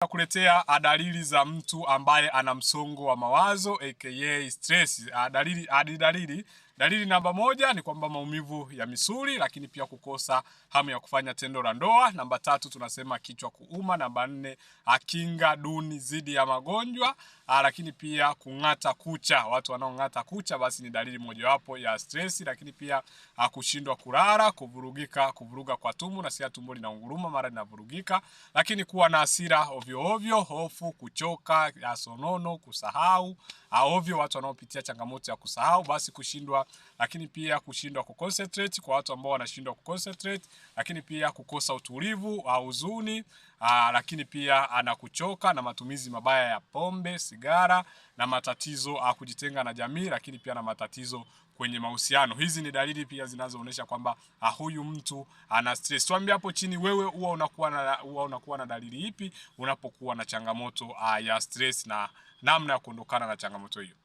Nakuletea dalili za mtu ambaye ana msongo wa mawazo aka stress. Ah, dalili ah, dalili Dalili namba moja ni kwamba maumivu ya misuli, lakini pia kukosa hamu ya kufanya tendo la ndoa. Namba tatu tunasema kichwa kuuma. Namba nne akinga ah, duni dhidi ya magonjwa, a, ah, lakini pia kung'ata kucha. Watu wanaong'ata kucha basi ni dalili mojawapo ya stresi, lakini pia a, ah, kushindwa kulala, kuvurugika, kuvuruga kwa tumbo na sia tumbo linaunguruma mara linavurugika, lakini kuwa na hasira ovyo ovyo, hofu, kuchoka, sonono, kusahau a, ovyo. Watu wanaopitia changamoto ya kusahau basi kushindwa lakini pia kushindwa kuconcentrate kwa watu ambao wanashindwa kuconcentrate, lakini pia kukosa utulivu au ah, huzuni, ah, lakini pia anakuchoka ah, na matumizi mabaya ya pombe, sigara na matatizo a, kujitenga na jamii, lakini pia na matatizo kwenye mahusiano. Hizi ni dalili pia zinazoonyesha kwamba huyu mtu ana stress. Tuambie hapo chini wewe huwa unakuwa na huwa unakuwa na dalili ipi unapokuwa na changamoto ya stress na namna ya kuondokana na changamoto hiyo.